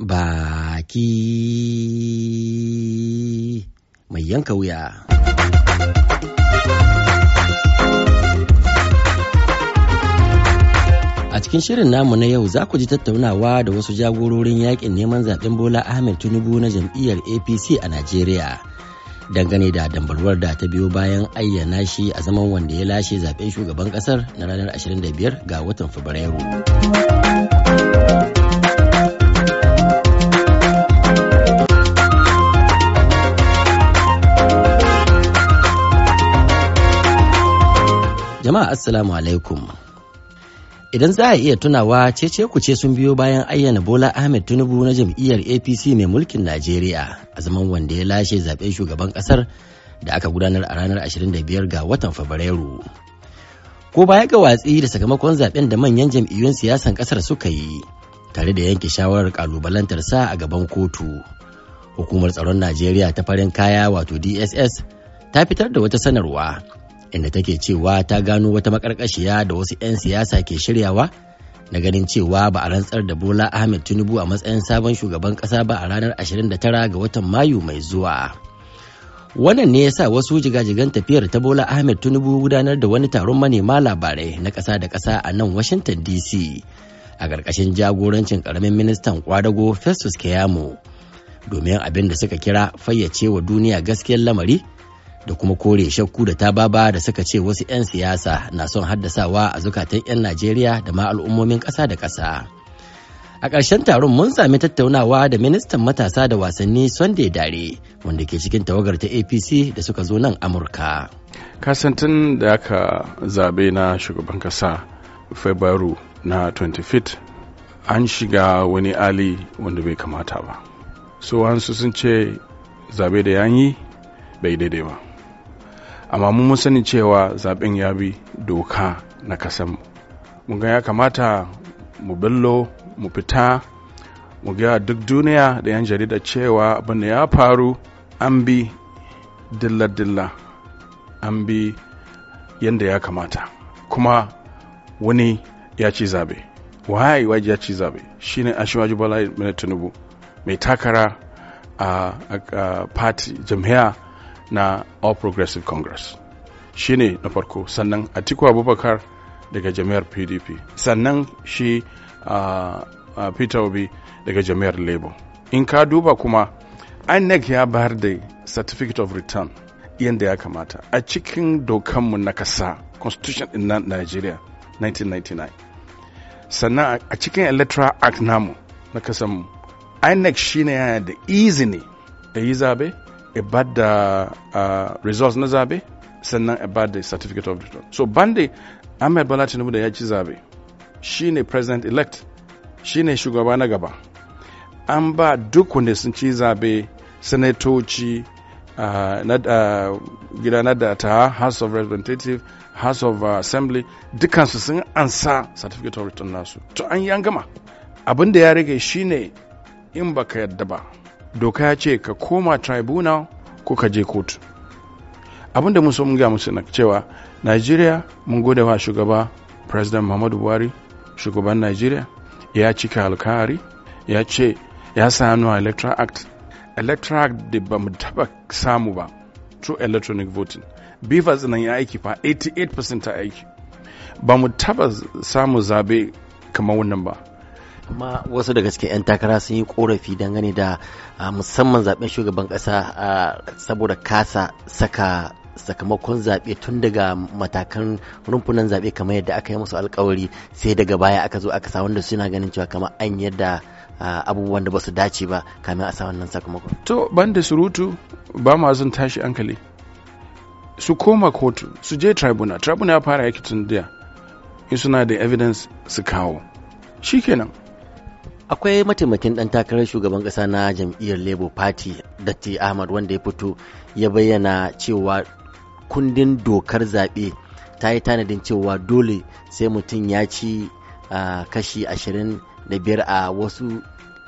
baki mai yanka wuya. A cikin shirin namu na yau za ku ji tattaunawa da wasu jagororin yakin neman zaben Bola Ahmed Tinubu na jam'iyyar APC a Najeriya. Dangane da dambarwar da ta biyo bayan ayyana shi a zaman wanda ya lashe zaben shugaban ƙasar na ranar 25 ga watan Fabrairu. Jama'a Assalamu alaikum. Idan za a iya tunawa cece ku ce sun biyo bayan ayyana Bola Ahmed Tinubu na jam'iyyar APC mai mulkin Najeriya a zaman wanda ya lashe zaɓen shugaban ƙasar da aka gudanar a ranar 25 ga watan Fabrairu. Ko baya ga watsi da sakamakon zaɓen da manyan jam'iyyun siyasan ƙasar suka yi tare da yanke shawarar ƙalubalantar sa a gaban kotu. Hukumar tsaron Najeriya ta farin kaya wato DSS ta fitar da wata sanarwa inda take cewa ta gano wata makarkashiya da wasu 'yan siyasa ke shiryawa na ganin cewa ba a rantsar da Bola Ahmed Tinubu a matsayin sabon shugaban kasa ba a ranar 29 ga watan Mayu mai zuwa. Wannan ne ya sa wasu jigajigan tafiyar ta Bola Ahmed Tinubu gudanar da wani taron manema labarai na kasa da kasa a nan Washington DC a ƙarƙashin jagorancin ƙaramin ministan kwadago Festus Keyamo domin abin da suka kira fayyace wa duniya gaskiyar lamari da kuma kore shakku da ta tababa da suka ce wasu 'yan siyasa na son haddasawa a zukatan 'yan Najeriya da ma al'ummomin ƙasa da ƙasa. A ƙarshen taron mun sami tattaunawa da ministan matasa da wasanni Sunday Dare wanda ke cikin tawagar ta APC da suka zo nan Amurka. Kasantin da aka zabe na shugaban ƙasa Fabaru na 25 an shiga wani ali wanda bai kamata ba. So sun ce zabe da yanyi bai daidai ba. amma mun sani cewa zaben ya bi doka na kasan mu ga ya kamata mu bello mu fita mu ga duk duniya da yan jarida cewa abin da ya faru an bi dilla-dilla an bi yadda ya kamata kuma wani ya ci zabe waye waje ya ci zabe shine ashimaju bala tinubu mai takara a party jam'iyya na all progressive congress shi ne na farko sannan atiku abubakar daga jami'ar pdp sannan shi uh, uh, peter obi daga jami'ar labour in ka duba kuma inec ya bayar da certificate of return yadda ya kamata a cikin dokanmu na kasa constitution in nigeria 1999 sannan a cikin electoral act namu na kasanmu inec shine yana da izini da yi zabe ba da uh, uh, results na zabe sannan a ba da certificate of return so bande ahmed bala tinubu da ya ci zabe ne president elect shi ne shugaba na gaba an ba duk wanda sun ci zabe sanatoci uh, na uh, gida na data house of representative house of assembly dukansu sun ansa certificate of return nasu to an yi an gama abin da ya rage shine in baka yadda ba doka ya ce ka koma tribunal ko ka je kotu abinda da so mun ga musu na cewa nigeria mun gode wa shugaba president muhammadu buhari shugaban nigeria ya cika alkahari ya ce ya sanu a electoral act electoral act da ba mu taba samu ba to electronic voting bifas nan ya aiki fa 88% ta aiki ba mu taba samu zabe kamar wannan ba kuma wasu daga cikin 'yan takara sun yi korafi dangane da ah, musamman zaben shugaban kasa ah, saboda kasa saka sakamakon zaɓe tun daga matakan rumfunan zaɓe kamar yadda aka yi musu alkawari sai daga baya aka zo aka sa wanda suna ganin cewa kamar an yadda ah, abubuwan da ba su dace ba kamin a sa wannan sakamakon. to ban da surutu ba ma zan tashi hankali su koma kotu su je tribunal tribunal ya fara yaki tun da in suna da evidence su kawo shikenan akwai mataimakin dan takarar shugaban kasa na jam'iyyar labour party datti ahmad wanda ya fito ya bayyana cewa kundin dokar zaɓe ta yi tanadin cewa dole sai mutum ya ci ah, kashi ashirin da biyar a wasu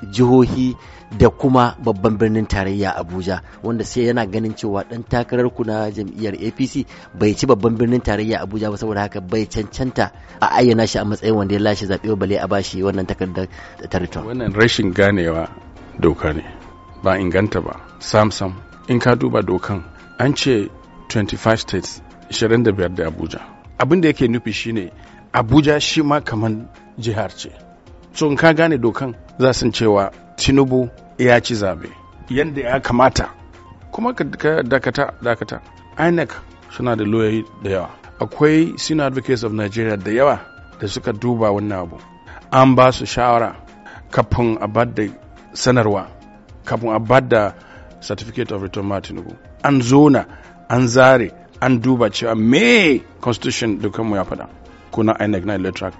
jihohi da kuma babban birnin tarayya abuja wanda sai yana ganin cewa dan takarar ku na jam'iyyar apc bai ci babban birnin tarayya abuja ba saboda haka bai cancanta a ayyana shi a matsayin wanda ya lashe zaɓe bale a bashi wannan takardar tariton wannan rashin ganewa doka ne ba inganta ba sam sam in ka duba dokan an ce 25 states 25 da abuja abin da yake nufi shine abuja shi ma kamar jihar ce so in ka gane dokan za su cewa tinubu ya ci zabe yadda ya kamata kuma ka dakata dakata inec suna da loyayi da yawa akwai senior advocates of nigeria da yawa da suka duba wannan abu an ba su shawara kafin a da sanarwa kafin a da certificate of return tinubu an zona an zare an duba cewa me constitution dukanmu ya faɗa kuna inec na electoral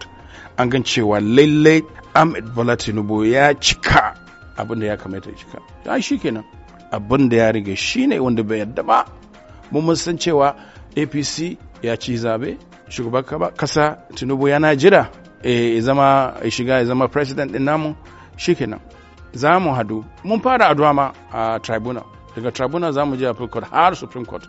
an gan cewa lallai ahmed bola tinubu ya cika abin da ya kamata ya cika ya shi kenan abin ya riga shi ne wanda bai yarda ba mun mun san cewa apc ya ci zabe shugaban kasa tinubu yana jira e zama ya shiga ya zama president din namu shi kenan za mu hadu mun fara addu'a ma a tribunal daga tribunal za mu je appeal court har supreme court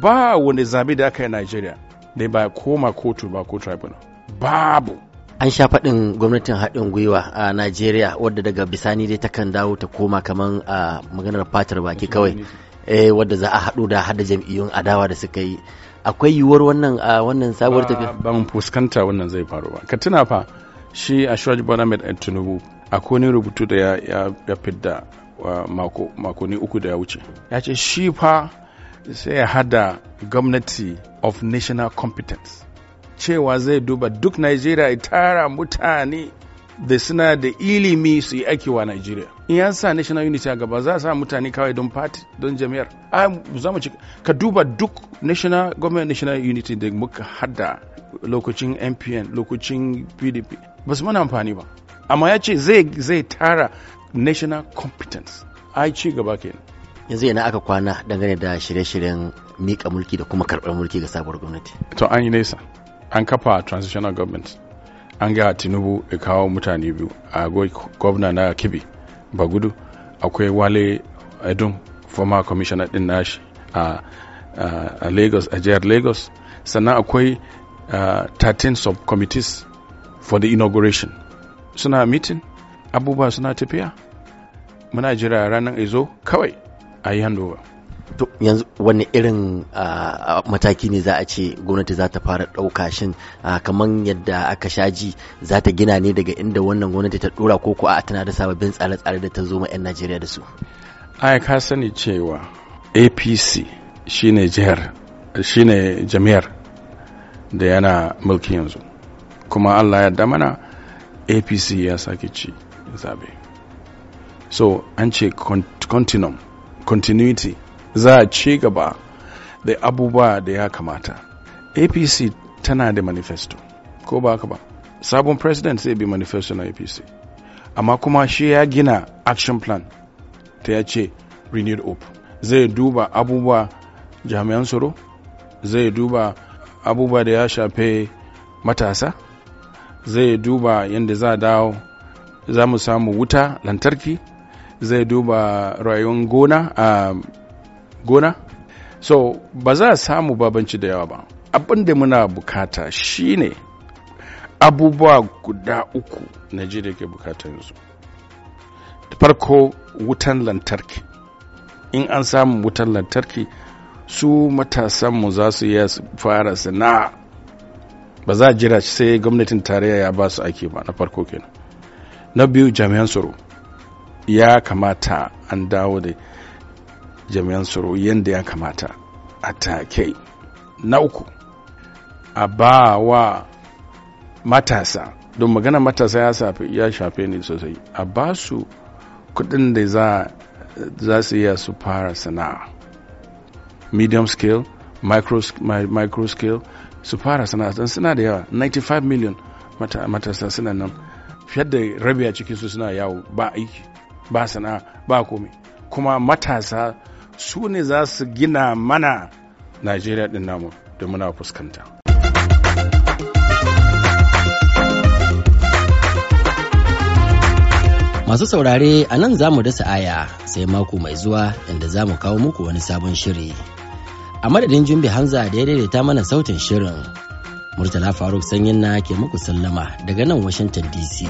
ba wani zabe da aka yi nigeria dai ba koma kotu ba ko tribunal babu an sha faɗin gwamnatin haɗin gwiwa a najeriya wadda daga bisani dai takan dawo ta koma kamar a maganar fatar baki kawai eh, wadda za a haɗu da hada jam'iyyun adawa da suka yi akwai yiwuwar wannan a wannan sabuwar tafiya ban fuskanta wannan zai faru ba ka tuna fa shi a mai ɗan tunubu. akwai ne rubutu da ya fidda makonni uku da ya wuce ya ce shi fa sai ya hada gwamnati of national competence cewa zai duba duk Najeriya ya tara mutane da suna da ilimi su yi aiki wa Najeriya. In yan sa National Unity a gaba za a sa mutane kawai don party don jami'ar. A za mu ka duba duk National Government National Unity da muka hada lokacin npn lokacin PDP. Ba su mana amfani ba. Amma ya ce zai tara national competence. Ai ci gaba kenan. yanzu yana aka kwana dangane da shirye-shiryen mika mulki da kuma karɓar mulki ga sabuwar gwamnati. To an yi nesa. an kafa transitional government an ga tinubu ya kawo mutane biyu a gwamna na kibi bagudu akwai wale edun former commissioner din nashi a lagos a jihar lagos sannan akwai 13 subcommittees for the inauguration suna mitin abubuwa suna tafiya muna jira ranar izo kawai a yi handover to yanzu wani irin mataki ne za a ce gwamnati za ta fara ɗauka shin kamar yadda aka shaji za ta gina ne daga inda wannan gwamnati ta ɗora ko ko a tana da sababbin tsare-tsare da ta zo ma 'yan najeriya da su ai ka sani cewa apc shine jihar shine jami'ar da yana mulki yanzu kuma allah ya mana apc ya sake ci zabe so an ce continuum continuity za a ci gaba da abubuwa da ya kamata apc tana da manifesto ko ba ka ba sabon president zai bi manifesto na apc amma kuma shi ya gina action plan ta ya ce renewed hope zai duba abubuwa jami'an tsaro zai duba abubuwa da ya shafe matasa zai duba yadda za a dawo za mu samu wuta lantarki zai duba rayuwar gona a um, gona so ba za a samu babanci da yawa ba abin da muna bukata shine abubuwa guda uku najeriya ke bukata yanzu farko wutan lantarki in an samu wutan lantarki su matasanmu za su iya fara sana'a ba za a jira sai gwamnatin tarayya ya ba su ake ba na farko kenan na biyu jami'an tsaro ya kamata an dawo da jami'an tsaro yadda ya kamata a take na uku a ba wa matasa don magana matasa ya shafe ne sosai a ba su kudin da za su iya su fara sana'a medium scale micro, micro scale su fara sana'a don suna da yawa 95 million matasa suna nan fiye da rabi a cikinsu suna yawo ba aiki ba sana'a ba komai kuma matasa su ne za su gina mana najeriya din namu da muna fuskanta masu saurare a nan za mu dasa aya sai mako mai zuwa inda za mu kawo muku wani sabon shiri a madadin jumbi hanza da ya daidaita mana sautin shirin murtala faruk sanyin na ke muku sallama daga nan washington dc